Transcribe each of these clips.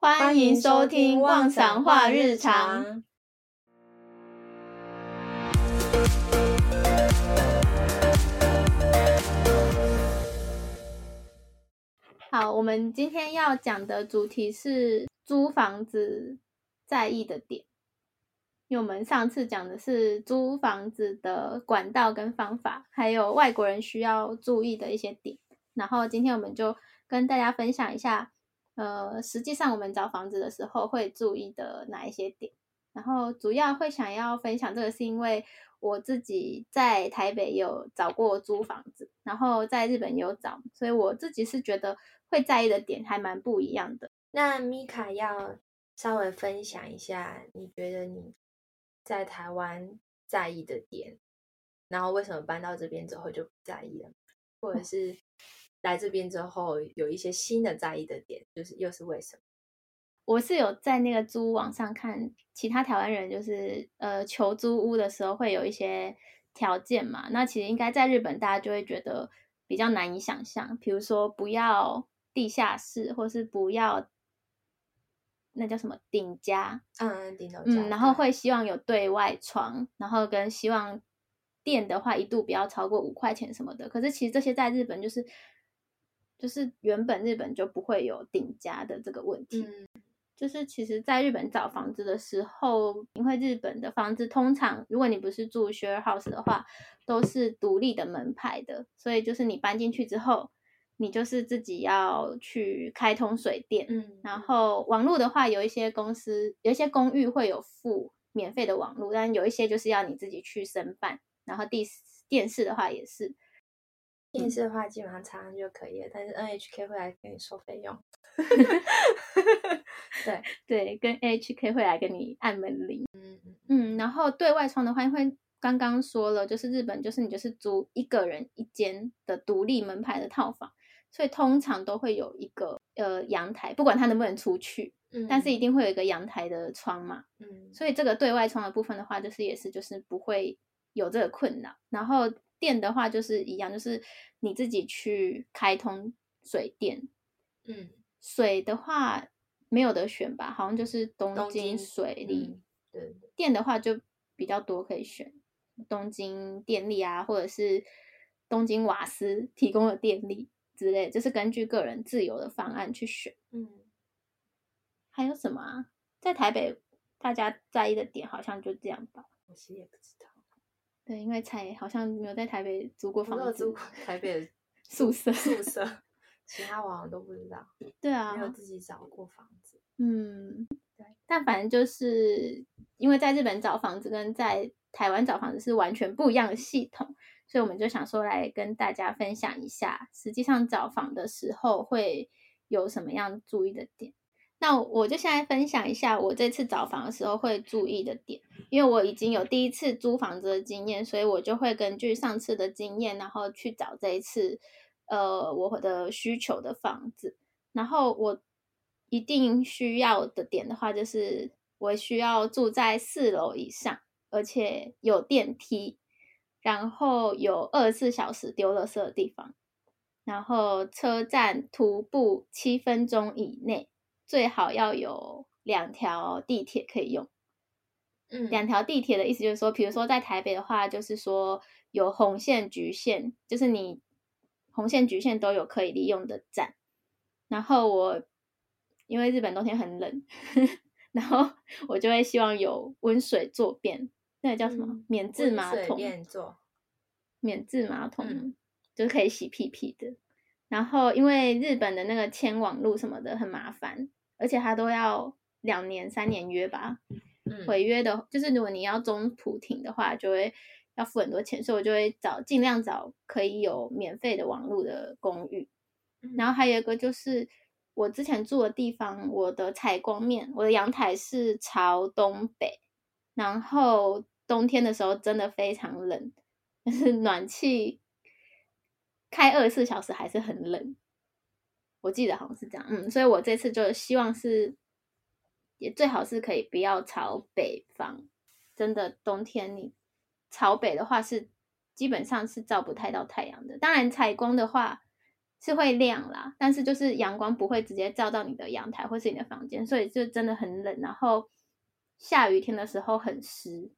歡迎收聽《王桑話日常》。好，我們今天要講的主題是租房子在意的點。因為我們上次講的是租房子的管道跟方法，還有外國人需要注意的一些點。然後今天我們就跟大家分享一下。呃，實際上我們找房子的時候會注意的哪一些點，然後主要會想要分享這個，是因為我自己在台北有找過租房子，然後在日本有找，所以我自己是覺得會在意的點還蠻不一樣的。那 Mika 要稍微分享一下，你覺得你在台灣在意的點，然後為什麼搬到這邊之後就不在意了，或者是？來這邊之後，有一些新的在意的點，就是又是為什麼？我是有在那個租屋網上看其他台灣人就是呃求租屋的時候會有一些條件嘛。那其實應該在日本大家就會覺得比較難以想象，比如說不要地下室，或是不要那叫什麼頂家，嗯頂樓加，嗯，然後會希望有對外窗，然後跟希望電的話一度不要超過五塊錢什麼的。可是其實這些在日本就是。就是原本日本就不會有頂加的這個問題。嗯，就是其實在日本找房子的時候，因為日本的房子通常，如果你不是住 share house 的話，都是獨立的門牌的，所以就是你搬進去之後，你就是自己要去開通水電。嗯，然後網絡的話，有一些公司、有一些公寓會有附免費的網絡，但有一些就是要你自己去申辦。然後第電視的話也是。電視的話基本上插上就可以了，嗯，但是 NHK 會來給你收費用。 對對， 對，跟 NHK 會來給你按門鈴。嗯，嗯，然後對外窗的話，因為剛剛說了，就是日本就是你就是租一個人一間的獨立門牌的套房，所以通常都會有一個呃陽台，不管它能不能出去，嗯，但是一定會有一個陽台的窗嘛。嗯。所以這個對外窗的部分的話，就是也是就是不會有這個困擾，然後。電的話就是一樣，就是你自己去開通水電。嗯，水的話沒有得選吧？好像就是東京水利京、嗯對。對。電的話就比較多可以選，東京電力啊，或者是東京瓦斯提供的電力之類，就是根據個人自由的方案去選。嗯。還有什麼啊？在台北大家在意的點好像就這樣吧。我誰也不知道。對，因為才好像沒有在台北租過房子，沒有租過台北宿舍宿舍，宿舍 其他網友都不知道。對啊，沒有自己找過房子。嗯，對。但反正就是，因為在日本找房子跟在台灣找房子是完全不一樣的系統，所以我們就想說來跟大家分享一下，實際上找房的時候會有什麼樣注意的點。那我就現在分享一下我這次找房的時候會注意的點，因為我已經有第一次租房子的經驗，所以我就會根據上次的經驗，然後去找這一次，呃，我的需求的房子。然後我一定需要的點的話，就是我需要住在四樓以上，而且有電梯，然後有二十四小時丟垃圾的地方，然後車站徒步七分鐘以內。最好要有兩條地鐵可以用，嗯，兩條地鐵的意思就是說，比如說在台北的話，就是說有紅線、橘線，就是你紅線、橘線都有可以利用的站。然後我因為日本冬天很冷，呵呵，然後我就會希望有溫水坐便，那個叫什麼？免治馬桶，嗯、免治馬桶、嗯、就是可以洗屁屁的。然後因為日本的那個牽網路什麼的很麻煩。而且他都要兩年、三年約吧，毀、嗯、約的，就是如果你要中途停的話，就會要付很多錢，所以我就會找盡量找可以有免費的網絡的公寓、嗯。然後還有一個就是我之前住的地方，我的採光面，我的陽台是朝東北，然後冬天的時候真的非常冷，但、就是暖氣開二十四小時還是很冷。我記得好像是這樣，嗯，所以我這次就希望是，也最好是可以不要朝北方。真的，冬天你朝北的話是基本上是照不太到太陽的。當然採光的話是會亮啦，但是就是陽光不會直接照到你的陽台或是你的房間，所以就真的很冷。然後下雨天的時候很濕，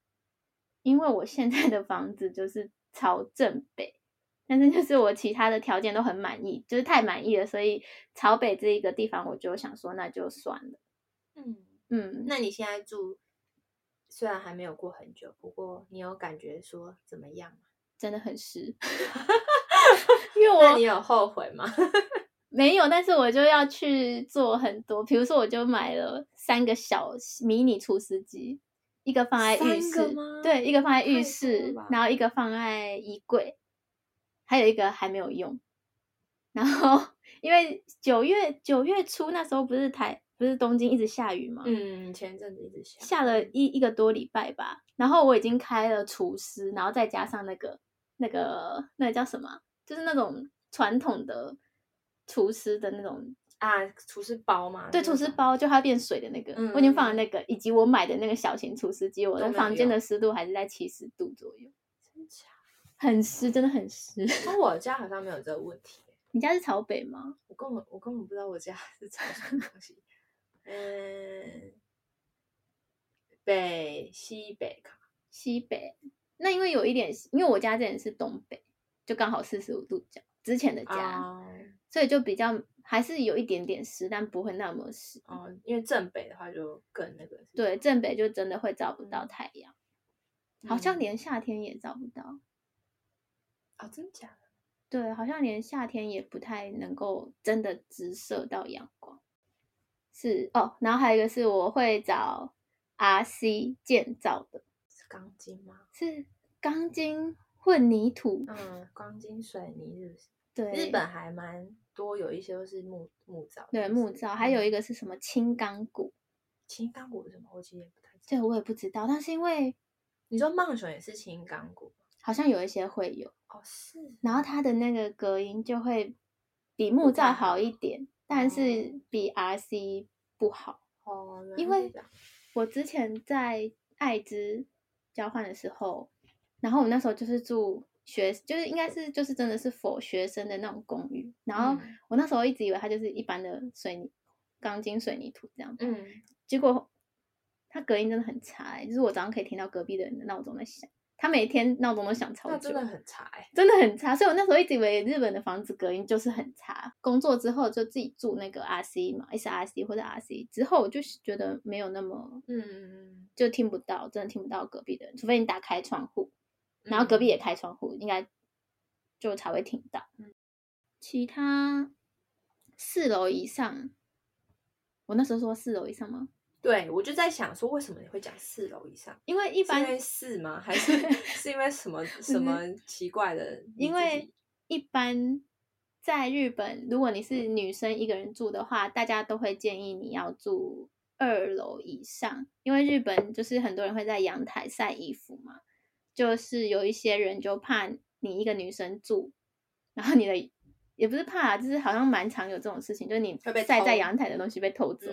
因為我現在的房子就是朝正北。但是就是我其他的條件都很滿意，就是太滿意了，所以朝北這一個地方我就想說那就算了。嗯嗯，那你現在住雖然還沒有過很久，不過你有感覺說怎麼樣啊？真的很濕。 因為我。你有後悔嗎？ 沒有，但是我就要去做很多，比如說我就買了三個小迷你除濕機，一個放在浴室，對，一個放在浴室，然後一個放在衣櫃。還有一個還沒有用，然後因為九月，九月初那時候不是台，不是東京一直下雨嘛？嗯，前陣子一直下，下了一一個多禮拜吧。然後我已經開了除濕，然後再加上那個那個、嗯、那個叫什麼？就是那種傳統的除濕的那種啊，除濕包嘛。對，除濕包就它變水的那個、嗯，我已經放了那個，以及我買的那個小型除濕機。我的房間的濕度還是在七十度左右。很濕，真的很濕。那我家好像沒有這個問題，欸。 你家是朝北嗎？我根本我根本不知道我家是朝向東西。 嗯，北西北西北。那因為有一點，因為我家這邊是東北，就剛好四十五度角之前的家，uh, 所以就比較還是有一點點濕，但不會那麼濕。哦、uh,，因為正北的話就更那個。對，正北就真的會照不到太陽，好像連夏天也照不到。嗯啊、哦，真的假的？對，好像連夏天也不太能夠真的直射到陽光。是哦，然後還有一個是我會找 R C 建造的，是鋼筋嗎？是鋼筋混凝土。嗯，鋼筋水泥是不是？對，日本還蠻多，有一些都是木木造，就是。對，木造，還有一個是什麼輕鋼骨？輕鋼骨是什麼？我其實也不太記得。對，我也不知道，但是因為你說夢熊也是輕鋼骨，好像有一些會有。是，然後它的那個隔音就會比木造好一點，但是比 RC 不好。哦，因為，我之前在愛知交換的時候，然後我那時候就是住學，就是應該是就是真的是否學生的那種公寓，然後我那時候一直以為它就是一般的水泥鋼筋水泥土這樣子，嗯，結果它隔音真的很差、欸，哎，就是我早上可以聽到隔壁的人的鬧鐘在響。他每天鬧鐘都響超久，嗯、真的很差，欸，真的很差。所以我那時候一直以為日本的房子隔音就是很差。工作之後就自己住那個 R C 嘛，S R C 或者 R C 之後，我就是覺得沒有那麼，嗯，就聽不到，真的聽不到隔壁的人，除非你打開窗戶，然後隔壁也開窗戶，嗯，應該就才會聽到。其他四樓以上，我那時候說四樓以上嗎？對，我就在想說，為什麼你會講四樓以上？因為一般，是因為是嗎？還是 是因為什麼什麼奇怪的？因為一般在日本，如果你是女生一個人住的話，大家都會建議你要住二樓以上，因為日本就是很多人會在陽台晒衣服嘛。就是有一些人就怕你一個女生住，然後你的也不是怕啊，就是好像蠻常有這種事情，就是你曬在陽台的東西被偷走。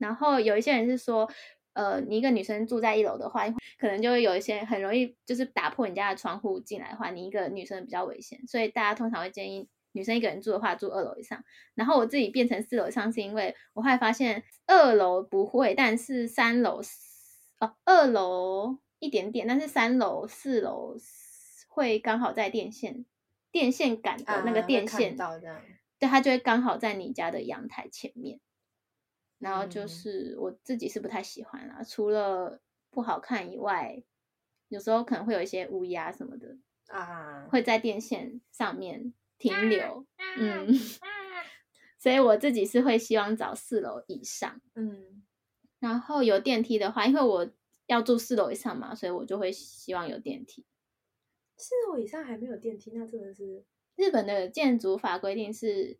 然後有一些人是說，呃，你一個女生住在一樓的話，可能就會有一些很容易就是打破你家的窗戶進來的話，你一個女生比較危險，所以大家通常會建議女生一個人住的話，住二樓以上。然後我自己變成四樓以上是因為我後來發現二樓不會，但是三樓哦，二樓一點點，但是三樓四樓會剛好在電線電線桿的、啊、那個電線，對，就它就會剛好在你家的陽台前面。然後就是我自己是不太喜歡啦，嗯，除了不好看以外，有時候可能會有一些烏鴉什麼的啊，會在電線上面停留。啊、嗯、啊，所以我自己是會希望找四樓以上。嗯，然後有電梯的話，因為我要住四樓以上嘛，所以我就會希望有電梯。四樓以上還沒有電梯，那真的是日本的建築法規定是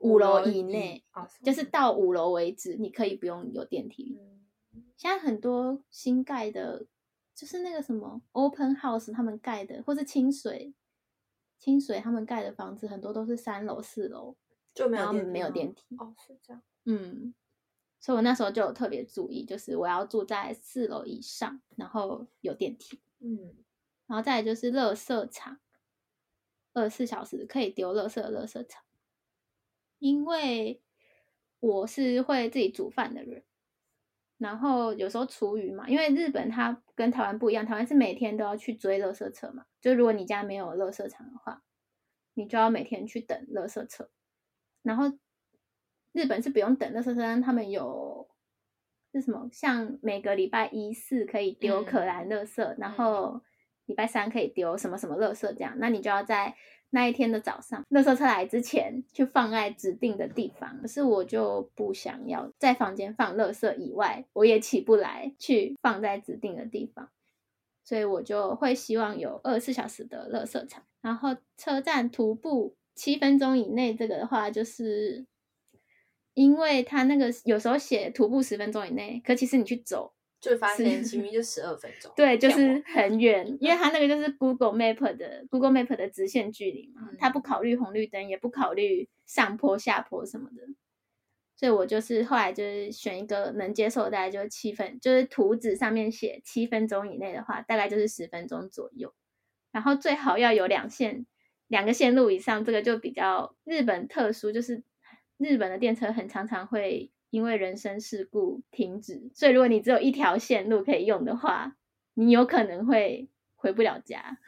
五樓以內，哦，就是到五樓為止，你可以不用有電梯。嗯、現在很多新蓋的，就是那個什麼 Open House 他們蓋的，或是清水、清水他們蓋的房子，很多都是三樓、四樓，就沒有沒有電梯。哦，是這樣。嗯，所以我那時候就有特別注意，就是我要住在四樓以上，然後有電梯。嗯，然後再就是垃圾場，二十四小時可以丟垃圾的垃圾場。因為我是會自己煮飯的人，然後有時候廚餘嘛，因為日本它跟台灣不一樣，台灣是每天都要去追垃圾車嘛，就如果你家沒有垃圾場的話，你就要每天去等垃圾車。然後日本是不用等垃圾車，但他們有是什麼？像每個禮拜一、四可以丟可燃垃圾，嗯，然後禮拜三可以丟什麼什麼垃圾這樣，那你就要在。那一天的早上，垃圾車來之前去放在指定的地方，可是我就不想要在房間放垃圾以外，我也起不來去放在指定的地方，所以我就會希望有二十四小時的垃圾場，然後車站徒步七分鐘以內這個的話，就是因為他那個有時候寫徒步十分鐘以內，可其實你去走。就發現，明明就十二分鐘。對，就是很遠， 因為它那個就是 Google Map 的 Google Map 的直線距離嘛，它不考慮紅綠燈，也不考慮上坡下坡什麼的。所以我就是後來就是選一個能接受的，大概就是七分，就是圖紙上面寫七分鐘以內的話，大概就是十分鐘左右。然後最好要有兩線，兩個線路以上，這個就比較日本特殊，就是日本的電車很常常會。因為人身事故停止，所以如果你只有一條線路可以用的話，你有可能會回不了家。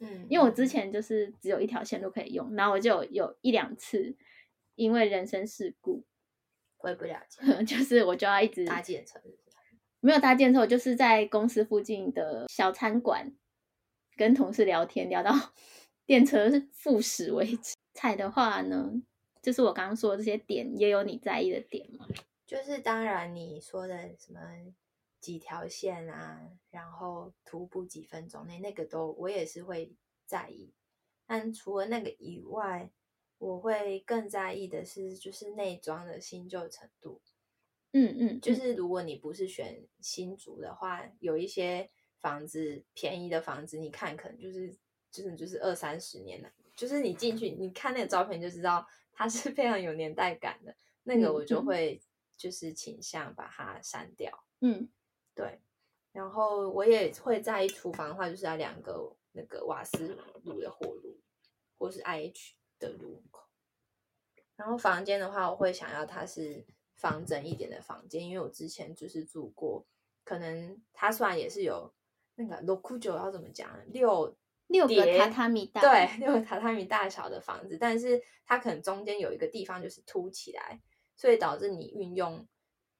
嗯，因為我之前就是只有一條線路可以用，然後我就有一兩次因為人身事故回不了家。 就是我就要一直搭電車，沒有搭電車，我就是在公司附近的小餐館跟同事聊天，聊到電車復駛為止。采的話呢？就是我剛剛說的這些點，也有你在意的點嗎？就是當然，你說的什麼幾條線啊，然後徒步幾分鐘內，那個都我也是會在意。但除了那個以外，我會更在意的是，就是內裝的新舊程度。嗯嗯，就是如果你不是選新築的話，嗯、有一些房子便宜的房子，你看可能就是就是就是二三十年了，就是你進去你看那個照片就知道。它是非常有年代感的，那個我就會就是傾向把它刪掉。嗯，對。然後我也會在意廚房的話就是要兩個那個瓦斯爐的火爐，或是 IH 的爐口。然後房間的話，我會想要它是方正一點的房間，因為我之前就是住過，可能它雖然也是有那個六庫九要怎麼講呢？六。六個榻榻米大，對，六個榻榻米大小的房子，但是它可能中間有一個地方就是凸起來，所以導致你運用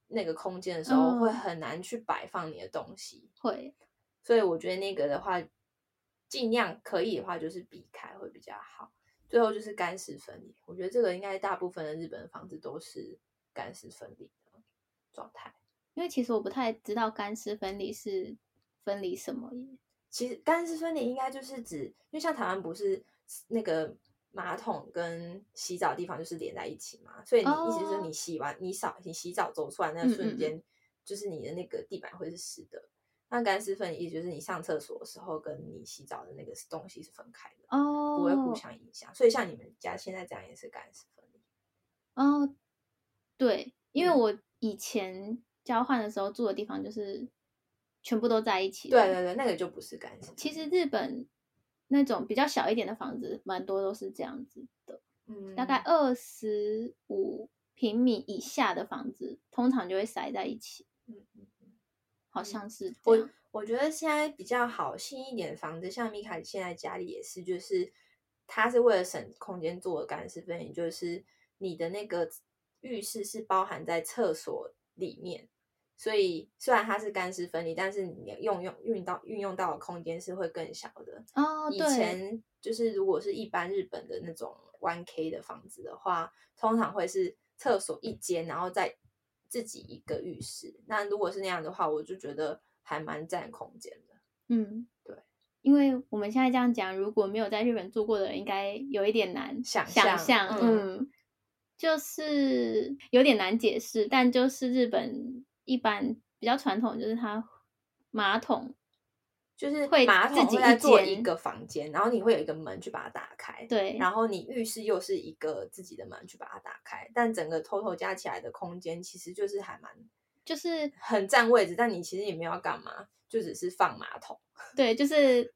那個空間的時候會很難去擺放你的東西。嗯、會，所以我覺得那個的話，盡量可以的話就是避開會比較好。最後就是乾濕分離，我覺得這個應該大部分的日本的房子,都是乾濕分離的狀態，因為其實我不太知道乾濕分離是分離什麼耶。其實乾濕分離應該就是指，因為像台灣不是那個馬桶跟洗澡的地方就是連在一起嘛，所以你意思說你洗完你掃、oh. 你洗澡走出來那瞬間，就是你的那個地板會是濕的。Mm-hmm. 那乾濕分離意思就是你上廁所的時候跟你洗澡的那個東西是分開的，oh. 不會互相影響。所以像你們家現在這樣也是乾濕分離。哦，uh, 對，因為我以前交換的時候住的地方就是。全部都在一起的。對對對，那個就不是乾濕。其實日本那種比較小一點的房子，蠻多都是這樣子的。嗯，大概二十五平米以下的房子，通常就會塞在一起。嗯嗯嗯，好像是。我我覺得現在比較好，新一點的房子，像米卡現在家裡也是，就是他是為了省空間做的乾濕分離，就是你的那個浴室是包含在廁所裡面。所以雖然它是乾濕分離，但是你用用運用到運用到的空間是會更小的。哦，對。以前就是如果是一般日本的那種 1K 的房子的話，通常會是廁所一間，然後再自己一個浴室。那如果是那樣的話，我就覺得還蠻占空間的。嗯，對。因為我們現在這樣講，如果沒有在日本住過的人，應該有一點難想象。想象，嗯，嗯，就是有點難解釋，但就是日本。一般比較傳統就他，就是它馬桶就是會自己做一個房間，然後你會有一個門去把它打開，對，然後你浴室又是一個自己的門去把它打開，但整個 total 加起來的空間其實就是還蠻，就是很占位置，但你其實也沒有要幹嘛，就只是放馬桶，對，就是。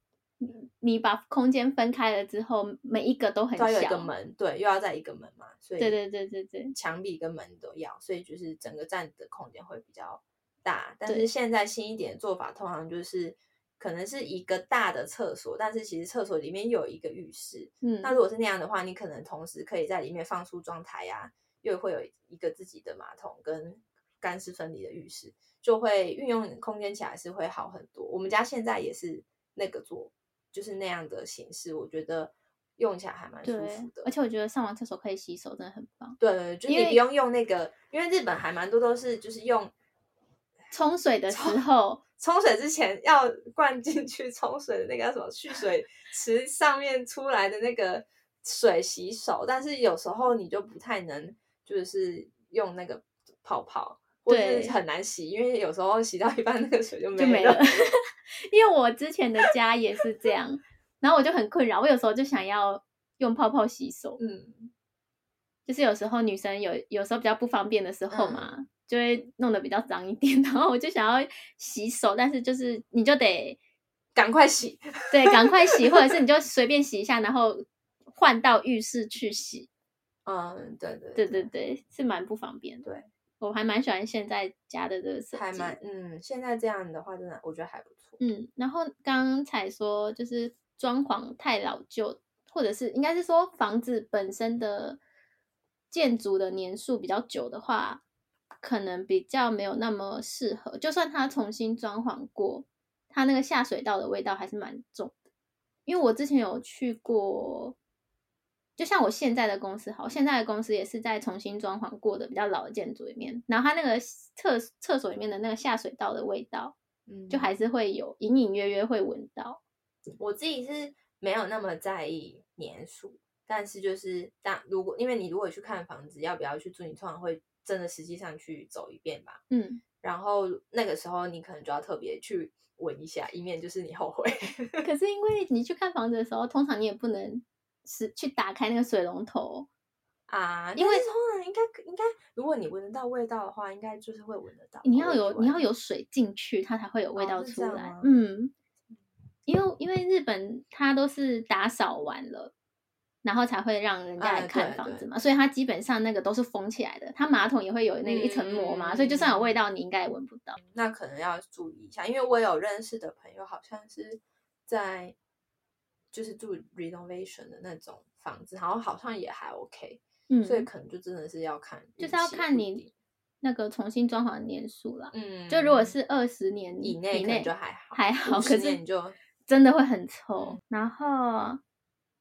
你把空間分開了之後，每一個都很小。有一個門，對，又要再一個門嘛，所以對對對對對，牆壁跟門都要，所以就是整個佔的空間會比較大。但是現在新一點的做法，通常就是可能是一個大的廁所，但是其實廁所裡面又有一個浴室。嗯，那如果是那樣的話，你可能同時可以在裡面放梳妝台啊，又會有一個自己的馬桶跟乾濕分離的浴室，就會運用空間起來是會好很多。我們家現在也是那個做。就是那樣的形式，我覺得用起來還蠻舒服的。而且我覺得上完廁所可以洗手，真的很棒。對，就你不用用那個，因為，因為日本還蠻多都是就是用沖水的時候衝，沖水之前要灌進去沖水的那個叫什麼蓄水池上面出來的那個水洗手， 但是有時候你就不太能就是用那個泡泡。對，很難洗，因為有時候洗到一半，那個水就沒了。就沒了 因為我之前的家也是這樣， 然後我就很困擾。我有時候就想要用泡泡洗手，嗯，就是有時候女生有有時候比較不方便的時候嘛，嗯、就會弄得比較髒一點。然後我就想要洗手，但是就是你就得趕快洗，對，趕快洗， 或者是你就隨便洗一下，然後換到浴室去洗。嗯，對對對對對，對，對，對，對，對，是蠻不方便的，對。我還蠻喜歡現在家的這個設計，還蠻嗯，現在這樣的話真的我覺得還不錯。嗯，然後剛才說就是裝潢太老舊，或者是應該是說房子本身的建築的年數比較久的話，可能比較沒有那麼適合。就算它重新裝潢過，它那個下水道的味道還是蠻重的。因為我之前有去過。就像我現在的公司，好，我現在的公司也是在重新裝潢過的比較老的建築裡面，然後它那個廁廁所裡面的那個下水道的味道，嗯，就還是會有隱隱約約會聞到。我自己是沒有那麼在意年數，但是就是但如果因為你如果去看房子要不要去住，你通常會真的實際上去走一遍吧，嗯，然後那個時候你可能就要特別去聞一下，以免就是你後悔。可是因為你去看房子的時候，通常你也不能。是去打開那個水龍頭啊，因為通常應該應該，如果你聞得到味道的話，應該就是會聞得到。你要有你要有水進去，它才會有味道出來。哦、嗯，因為因為日本它都是打掃完了，然後才會讓人家來看房子嘛、啊啊啊啊啊，所以它基本上那個都是封起來的，它馬桶也會有那一層膜嘛，嗯、所以就算有味道，你應該也聞不到、嗯。那可能要注意一下，因為我有認識的朋友，好像是在。就是住 renovation 的那種房子，然後好像也還 OK，嗯，所以可能就真的是要看，就是要看你那個重新裝潢的年數了。嗯，就如果是二十年以內，以內就還好，還好。可是你就真的會很醜，嗯。然後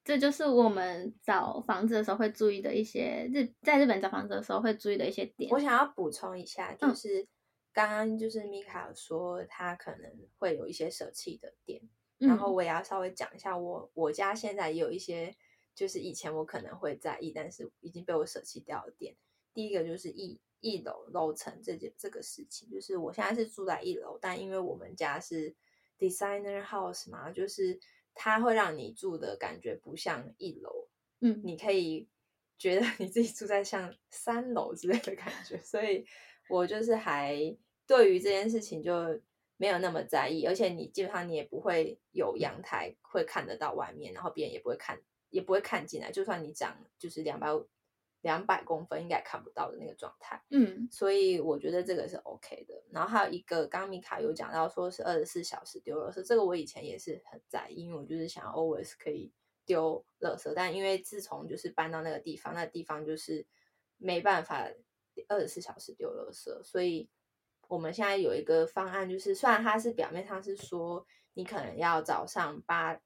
這就是我們找房子的時候會注意的一些，日在日本找房子的時候會注意的一些點。我想要補充一下，就是剛剛就是 Mika 說他可能會有一些捨棄的點。 然後我也要稍微講一下，我我家現在也有一些，就是以前我可能會在意，但是已經被我舍棄掉的點。第一個就是一一樓樓層這件、個、這個事情，就是我現在是住在一樓，但因為我們家是 designer house 嘛，就是它會讓你住的感覺不像一樓，嗯， 你可以覺得你自己住在像三樓之類的感覺，所以我就是還對於這件事情就。沒有那麼在意，而且你基本上你也不會有陽台會看得到外面，然後別人也不會看，也不會看進來。就算你講就是兩百兩百公分，應該看不到的那個狀態。嗯，所以我覺得這個是 OK 的。然後還有一個剛米卡有講到說是二十四小時丟垃圾，這個我以前也是很在意，因為我就是想要 always 可以丟垃圾，但因為自從就是搬到那個地方，那個地方就是沒辦法二十四小時丟垃圾，所以。我們現在有一個方案，就是雖然它是表面上是說你可能要早上八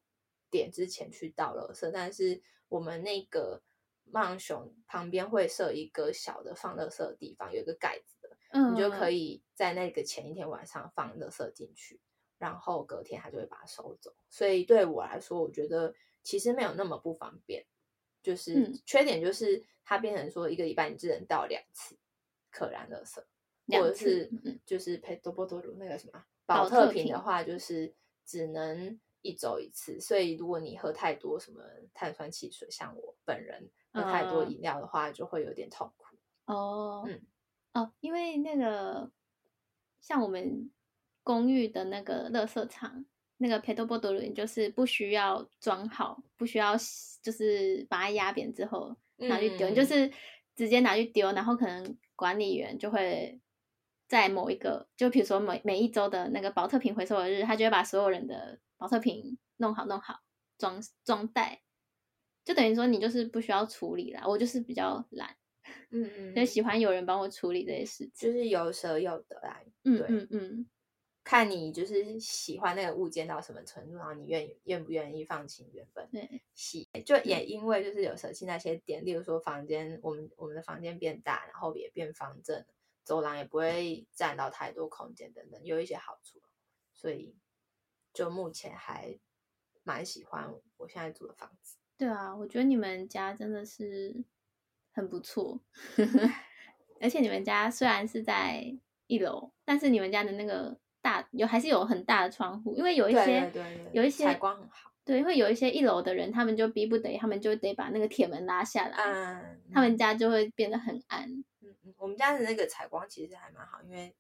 點之前去倒垃圾，但是我們那個マンション旁邊會設一個小的放垃圾的地方，有一個蓋子的，你就可以在那個前一天晚上放垃圾進去，嗯，然後隔天它就會把它收走。所以對我來說，我覺得其實沒有那麼不方便，就是缺點就是它變成說一個禮拜你只能倒兩次可燃垃圾。次或者是、嗯、就是ペットボトル那個什麼保特瓶的話，就是只能一周一次，所以如果你喝太多什麼碳酸汽水，像我本人喝太多飲料的話、哦，就會有點痛苦。哦，嗯，哦，因為那個像我們公寓的那個樂色場，那個ペットボトル就是不需要裝好，不需要就是把它壓扁之後拿去丟，嗯、就是直接拿去丟，然後可能管理員就會。在某一個，就比如說每每一周的那個保特瓶回收的日，他就會把所有人的保特瓶弄好弄好裝裝袋，就等於說你就是不需要處理啦，我就是比較懶，嗯嗯，就喜歡有人幫我處理這些事情，就是有捨有得來，對嗯嗯嗯，看你就是喜歡那個物件到什麼程度，然後你願意願不願意放棄原本，對，喜就也因為就是有捨棄那些點，例如說房間，我們我們的房間變大，然後也變方正。走廊也不會占到太多空間等等，有一些好處，所以就目前還蠻喜歡我,我現在住的房子。對啊，我覺得你們家真的是很不錯， 而且你們家雖然是在一樓，但是你們家的那個大有還是有很大的窗戶，因為有一些，對對對對，有一些，採光很好。對，會有一些一樓的人，他們就逼不得已，他們就得把那個鐵門拉下來，嗯、他們家就會變得很暗。我們家的那個採光其實還蠻好，因為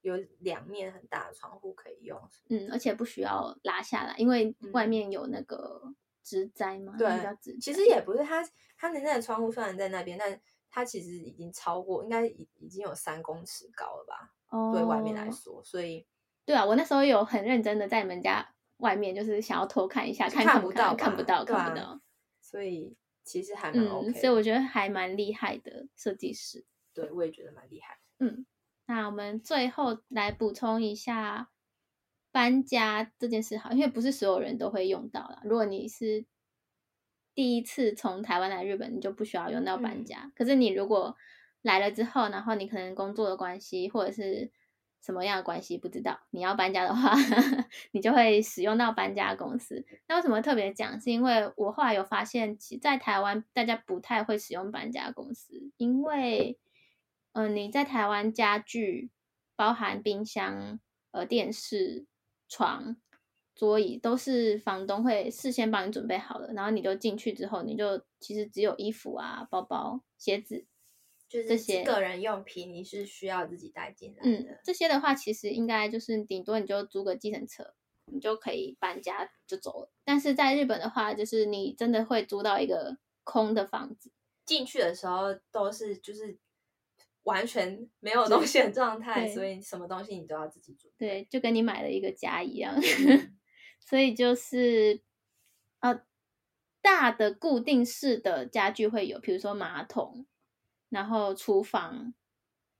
有兩面很大的窗戶可以用是不是？嗯，而且不需要拉下來，因為外面有那個植栽嘛。嗯、比較直對，其實也不是，它它的那個窗戶雖然在那邊，但它其實已經超過，應該已已經有三公尺高了吧？哦、對外面來說。所以對啊，我那時候有很認真的在你們家外面，就是想要偷看一下，看不看，看，不看不到，看不到，看不到。所以其實還蠻 OK，嗯、所以我覺得還蠻厲害的設計師。對，我也覺得蠻厲害。嗯，那我們最後來補充一下搬家這件事好，因為不是所有人都會用到的。如果你是第一次從台灣來日本，你就不需要用到搬家。嗯、可是你如果來了之後，然後你可能工作的關係，或者是什麼樣的關係，不知道你要搬家的話， 你就會使用到搬家公司。那為什麼特別講？是因為我後來有發現，其在台灣大家不太會使用搬家公司，因為。嗯，你在台灣家具包含冰箱、呃、電視、床、桌椅，都是房東會事先幫你準備好的，然後你就進去之後，你就其實只有衣服啊、包包、鞋子，就是這些個人用品你是需要自己帶進來的。嗯，這些的話其實應該就是頂多你就租個計程車，你就可以搬家就走了。但是在日本的話，就是你真的會租到一個空的房子，進去的時候都是就是。完全沒有東西的狀態，所以什麼東西你都要自己做。對，就跟你買了一個家一樣。嗯、呵呵，所以就是、啊、大的固定式的家具會有，比如說馬桶，然後廚房、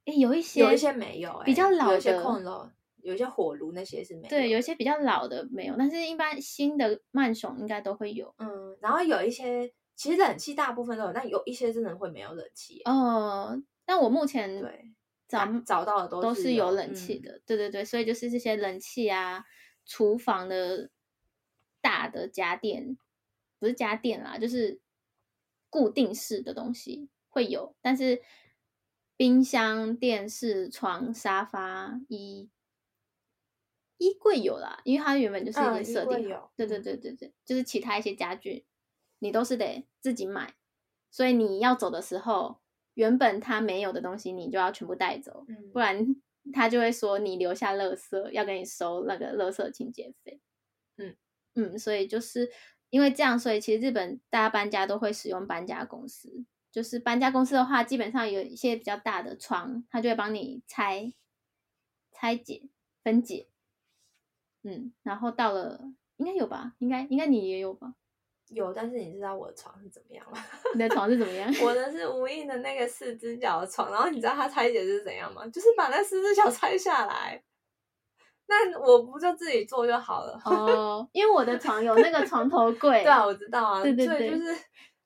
欸。有一些，有一些沒有、欸，比較老的有一些コンロ，有一些火爐那些是沒有。對，有一些比較老的沒有，但是一般新的マンション應該都會有。嗯，然後有一些其實冷氣大部分都有，但有一些真的會沒有冷氣、欸。嗯。那我目前找對找到的都是有，都是有冷氣的、嗯，對對對，所以就是這些冷氣啊、廚房的大的家電，不是家電啦，就是固定式的東西會有，但是冰箱、電視、床、沙發、衣衣櫃有啦，因為它原本就是一個設定，對、啊、對對對對，就是其他一些家具你都是得自己買，所以你要走的時候。原本他沒有的東西，你就要全部帶走，嗯，不然他就會說你留下垃圾，要給你收那個垃圾清潔費。嗯嗯，所以就是因為這樣，所以其實日本大家搬家都會使用搬家公司。就是搬家公司的話，基本上有一些比較大的床，他就會幫你拆、拆解、分解。嗯，然後到了，應該有吧，應該應該你也有吧？有，但是你知道我的床是怎麼樣嗎？你的床是怎麼樣？ 我的是無印的那個四隻腳的床，然後你知道它拆解是怎樣嗎？就是把那四隻腳拆下來。那我不就自己做就好了。哦，因為我的床有那個床頭櫃。對 啊，我知道啊，對對對，對就是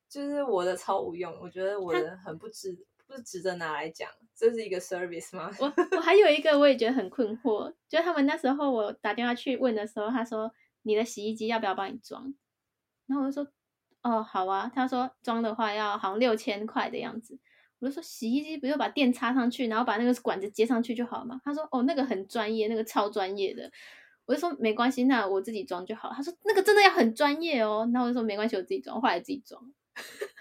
就是我的超無用，我覺得我的很不值，不值得拿來講，這、就是一個 service 嗎？我我還有一個，我也覺得很困惑，就是他們那時候我打電話去問的時候，他說，你的洗衣機要不要幫你裝？然後我就說，哦，好啊。他說裝的話要好像六千塊的樣子。我就說，洗衣機不就把電插上去，然後把那個管子接上去就好嘛。他說，哦，那個很專業，那個超專業的。我就說沒關係，那我自己裝就好。他說那個真的要很專業哦。然後我就說沒關係，我自己裝，後來自己裝。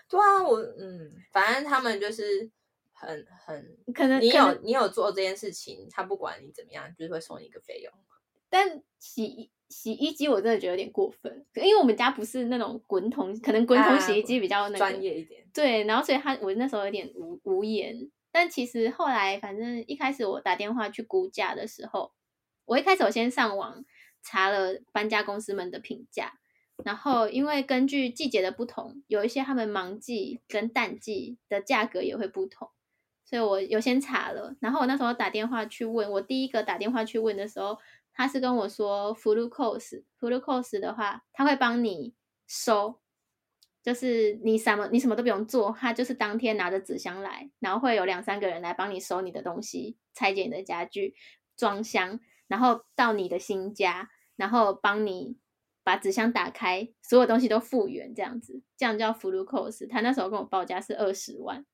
對啊，我嗯，反正他們就是很很可能你有可能你有做這件事情，他不管你怎麼樣，就是會送你一個費用。但洗衣。洗衣機我真的覺得有點過分，因為我們家不是那種滾筒，可能滾筒洗衣機比較、那個啊、專業一點。對，然後所以他我那時候有點無無言，但其實後來反正一開始我打電話去估價的時候，我一開始我先上網查了搬家公司們的評價，然後因為根據季節的不同，有一些他們忙季跟淡季的價格也會不同，所以我有先查了，然後我那時候打電話去問，我第一個打電話去問的時候。他是跟我說フルコース，フルコース的話，他會幫你收，就是你什麼你什麼都不用做，他就是當天拿着紙箱來，然後會有兩三個人來幫你收你的東西，拆解你的家具，裝箱，然後到你的新家，然後幫你把紙箱打開，所有東西都復原這樣子，這樣叫フルコース，他那時候跟我報價是二十萬，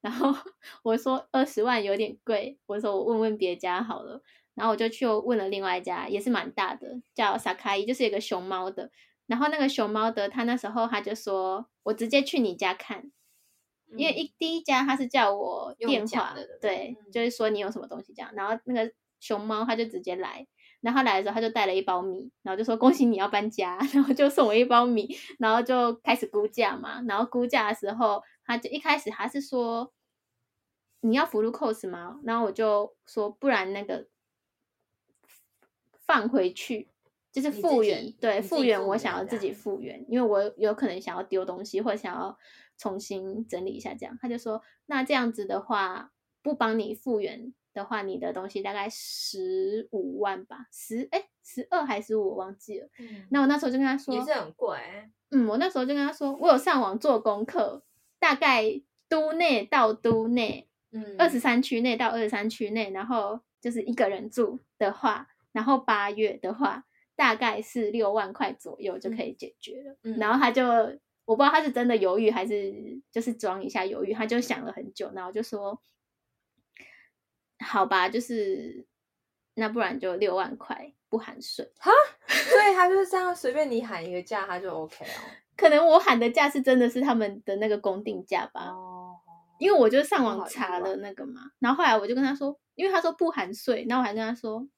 然後我說二十萬有點貴，我說我問問別家好了。然後我就去問了另外一家，也是蠻大的，叫薩卡伊，就是一個熊貓的。然後那個熊貓的，他那時候他就說，我直接去你家看，因為一、嗯、第一家他是叫我電話，的的對、嗯，就是說你有什麼東西這樣。然後那個熊貓他就直接來，然後來的時候他就帶了一包米，然後就說恭喜你要搬家，然後就送我一包米，然後就開始估價嘛。然後估價的時候，他就一開始他是說你要服務 c o 嗎？然後我就說不然那個。放回去就是復原，對復原，我想要自己復原，因為我有可能想要丟東西或者想要重新整理一下這樣。他就說：“那這樣子的話，不幫你復原的話，你的東西大概十五萬吧，十，哎，十二還是五，我忘記了。”嗯，那我那時候就跟他說，也是很貴。嗯，我那時候就跟他說，我有上網做功課，大概都內到都內，嗯，二十三區內到二十三區內，然後就是一個人住的話。然後八月的話，大概是六萬塊左右就可以解決了。嗯。然後他就，我不知道他是真的猶豫還是就是裝一下猶豫，他就想了很久，然後就說：“好吧，就是那不然就六萬塊不含稅。”哈，所以他就是這樣， 隨便你喊一個價，他就 OK 了。可能我喊的價是真的是他們的那個公定價吧？哦，因為我就上網查了那個嘛。然後後來我就跟他說，因為他說不含稅，然後我還跟他說。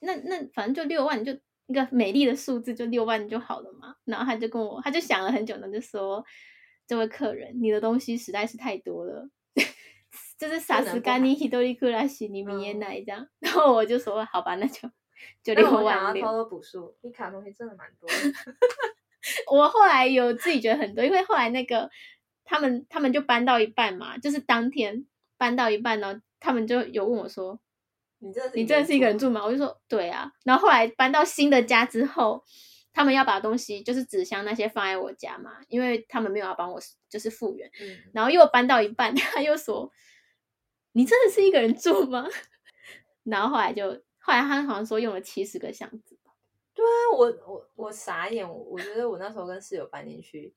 那那反正就六萬，就一個美麗的數字就6，就六萬就好了嘛。然後他就跟我，他就想了很久呢，就說：“這位客人，你的東西實在是太多了， 就是さすがに一人暮らしに見えない這樣、嗯、然後我就說：“好吧，那就就六萬六。偷偷補數，你卡東西真的蠻多的。 我後來有自己覺得很多，因為後來那個他們他們就搬到一半嘛，就是當天搬到一半呢，他們就有問我說。你這你真的是一個人住嗎？我就說對啊。然後後來搬到新的家之後，他們要把東西就是紙箱那些放在我家嘛，因為他們沒有要幫我就是復原。嗯。然後又搬到一半，他又說：“你真的是一個人住嗎？”然後後來就後來他好像說用了七十個箱子。對啊，我我我傻眼。我覺得我那時候跟室友搬進去，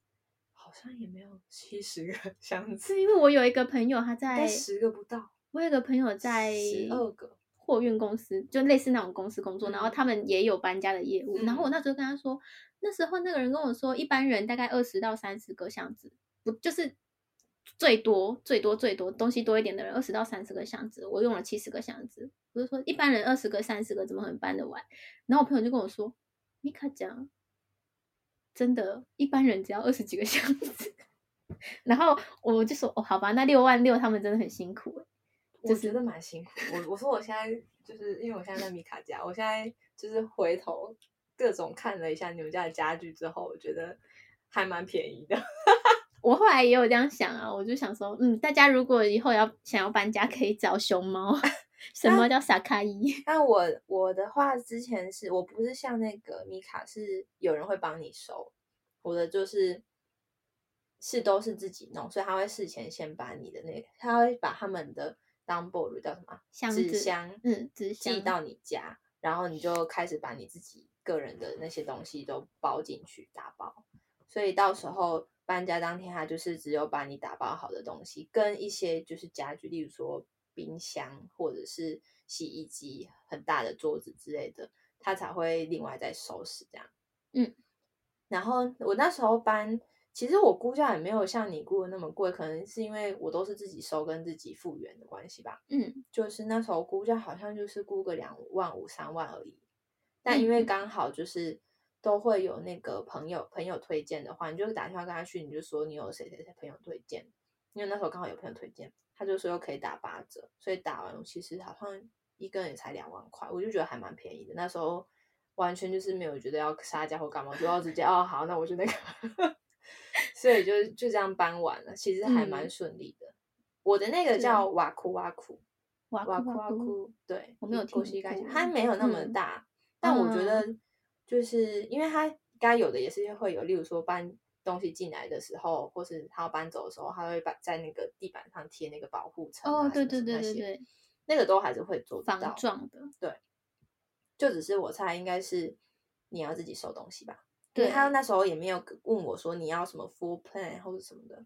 好像也沒有七十個箱子。 是因為我有一個朋友他在十個不到，我有個朋友在十二個。貨運公司就類似那種公司工作，嗯，然後他們也有搬家的業務。嗯、然後我那時候跟他說，那時候那個人跟我說，一般人大概二十到三十個箱子，不就是最多最多最多東西多一點的人二十到三十個箱子。我用了七十個箱子，我就說一般人二十個三十個怎麼可能搬得完？然後我朋友就跟我說 Mika 講，真的，一般人只要二十幾個箱子。 然後我就說，哦，好吧，那六萬六他們真的很辛苦。就是、我覺得蠻辛苦。我我說我現在就是因為我現在在米卡家，我現在就是回頭各種看了一下你們家的家具之後，我覺得還蠻便宜的。 我後來也有這樣想啊，我就想說，嗯，大家如果以後要想要搬家，可以找熊貓。 什麼叫薩卡伊？那、啊、我我的話之前是我不是像那個米卡，是有人會幫你收。我的就是是都是自己弄，所以他會事前先把你的那個，他會把他們的。ダンボール叫什麼？紙箱，紙箱，嗯，紙箱，寄到你家，然後你就開始把你自己個人的那些東西都包進去打包。所以到時候搬家當天，他就是只有把你打包好的東西跟一些就是家具，例如說冰箱或者是洗衣機、很大的桌子之類的，他才會另外再收拾這樣。嗯，然後我那時候搬。其實我估價也沒有像你估的那麼貴，可能是因為我都是自己收跟自己復原的關係吧。嗯，就是那時候估價好像就是估個兩萬五、三萬而已。但因為剛好就是都會有那個朋友朋友推薦的話，你就打電話跟他去，你就說你有誰誰誰朋友推薦。因為那時候剛好有朋友推薦，他就說又可以打八折，所以打完我其實好像一個人也才兩萬塊，我就覺得還蠻便宜的。那時候完全就是沒有覺得要殺價或幹嘛，就要直接 哦好，那我就那個。 所以就就這樣搬完了，其實還蠻順利的，嗯。我的那個叫瓦庫瓦庫瓦庫瓦庫。對，我沒有聽過，它沒有那麼大，嗯，但我覺得就是因為它該有的也是會有，例如說搬東西進來的時候，或是它要搬走的時候，它會把在那個地板上貼那個保護層，啊。哦什麼什麼，對對對對對，那個都還是會做到。防撞的，對，就只是我猜應該是你要自己收東西吧。對，因為他那時候也沒有問我說你要什麼 full plan 或者什麼的，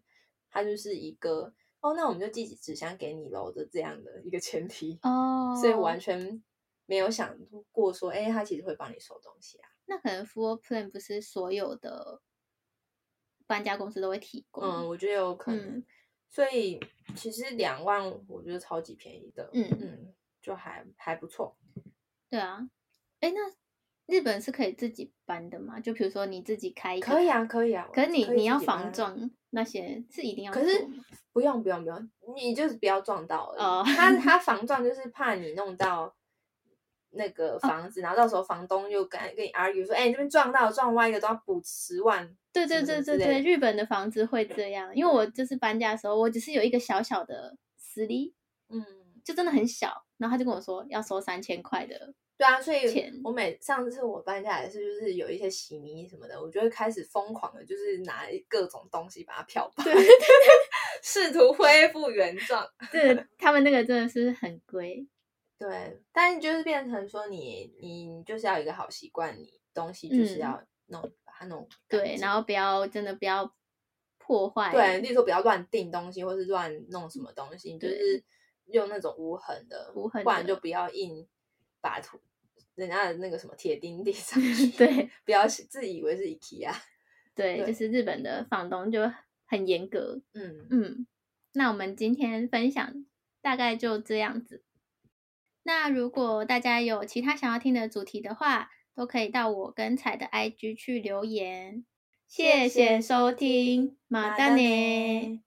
他就是一個哦，那我們就寄紙箱給你嘍的這樣的一個前提哦，所以完全沒有想過說哎，他其實會幫你收東西啊。那可能 full plan 不是所有的搬家公司都會提供。嗯，我覺得有可能。嗯，所以其實兩萬我覺得超級便宜的，嗯嗯，就還還不錯。對啊，哎那。日本是可以自己搬的嘛？就比如說你自己開一個，可以啊，可以啊。可，以可是你可以你要防撞那些是一定要的，可是不用不用不用，你就是不要撞到。哦、oh.。他他防撞就是怕你弄到那個房子，oh. 然後到時候房東又跟跟你 argue 說，哎、oh. 欸，你這邊撞到撞歪一個都要補十萬。對對對對對，什麼什麼，日本的房子會這樣，因為我就是搬家的時候，我只是有一個小小的すり，oh. 嗯，就真的很小。然後他就跟我說要收三千塊的錢。對啊，所以我每上次我搬家也是，就是有一些洗泥什麼的，我就會開始瘋狂的，就是拿各種東西把它漂白，試 圖恢復原狀。對，他們那個真的是很貴。對，但就是變成說你你就是要有一個好習慣，你東西就是要弄、嗯、把它弄對，然後不要真的不要破壞。對，例如說不要亂訂東西，或是亂弄什麼東西，就是。用那種無痕的、無痕的，不然就不要印，把土人家的那個什麼鐵釘釘上面 對，不要自以為是 IKEA 對。對，就是日本的房東就很嚴格。嗯嗯，那我們今天分享大概就這樣子。那如果大家有其他想要聽的主題的話，都可以到我跟采的 IG 去留言。謝謝收聽，馬達捏。